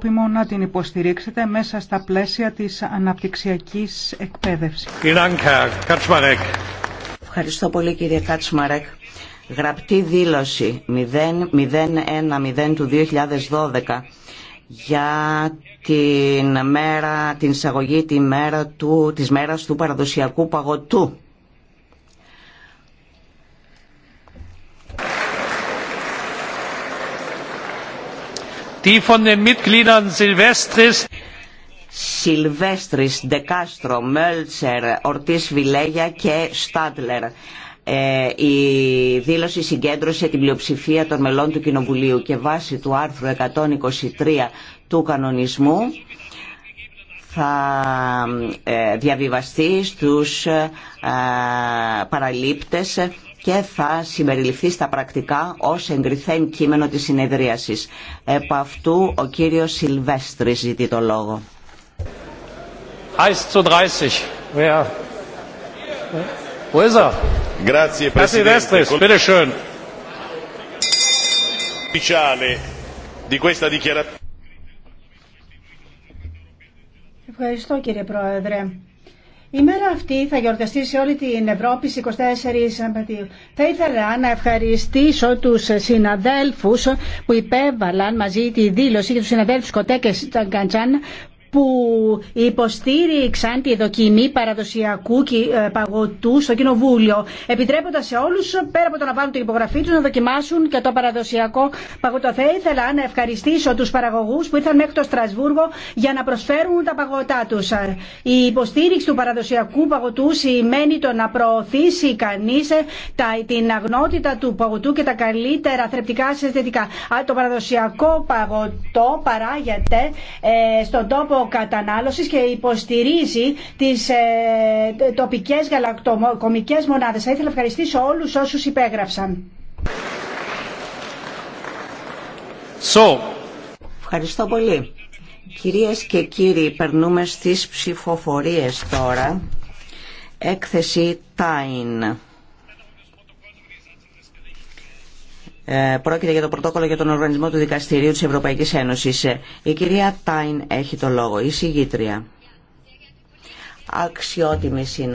σκόπιμο να την υποστηρίξετε μέσα στα πλαίσια της αναπτυξιακής εκπαίδευσης. Ευχαριστώ πολύ κύριε Κάτσμαρεκ. Γραπτή δήλωση 0101 του 2012 για την μέρα, την εισαγωγή τη μέρα του, της μέρας του παραδοσιακού παγωτού. die von Ντεκάστρο, Μέλτσερ, Ορτής Βιλέγια και Στάντλερ. η δήλωση συγκέντρωσε την πλειοψηφία των μελών του Κοινοβουλίου και βάσει του άρθρου 123 του κανονισμού θα ε, διαβιβαστεί στους ε, παραλήπτες και θα συμπεριληφθεί στα πρακτικά ως εγκριθέν κείμενο της συνεδρίασης. Επ' αυτού ο κύριος Σιλβέστρη ζητεί το λόγο. Ευχαριστώ κύριε Πρόεδρε. Η μέρα αυτή θα γιορταστεί σε όλη την Ευρώπη στις 24 Σεπτεμβρίου. Θα ήθελα να ευχαριστήσω τους συναδέλφους που υπέβαλαν μαζί τη δήλωση για τους συναδέλφους Κοτέ και Σταγκαντζάν που υποστήριξαν τη δοκιμή παραδοσιακού ε, παγωτού στο Κοινοβούλιο, επιτρέποντα σε όλου πέρα από το να πάρουν την υπογραφή του να δοκιμάσουν και το παραδοσιακό παγωτό. Θα ήθελα να ευχαριστήσω του παραγωγού που ήρθαν μέχρι το Στρασβούργο για να προσφέρουν τα παγωτά του. Η υποστήριξη του παραδοσιακού παγωτού σημαίνει το να προωθήσει κανεί ε, την αγνότητα του παγωτού και τα καλύτερα θρεπτικά συστατικά. Το παραδοσιακό παγωτό παράγεται ε, στον τόπο και υποστηρίζει τις ε, τοπικές γαλακτοκομικές μονάδες. Θα ήθελα να ευχαριστήσω όλους όσους υπέγραψαν. So. Ευχαριστώ πολύ. Κυρίες και κύριοι, περνούμε στις ψηφοφορίες τώρα. Έκθεση Τάιν. Ε, πρόκειται για το πρωτόκολλο για τον Οργανισμό του Δικαστηρίου της Ευρωπαϊκής Ένωσης. Ε, η κυρία Τάιν έχει το λόγο, η συγγήτρια. Αξιότιμη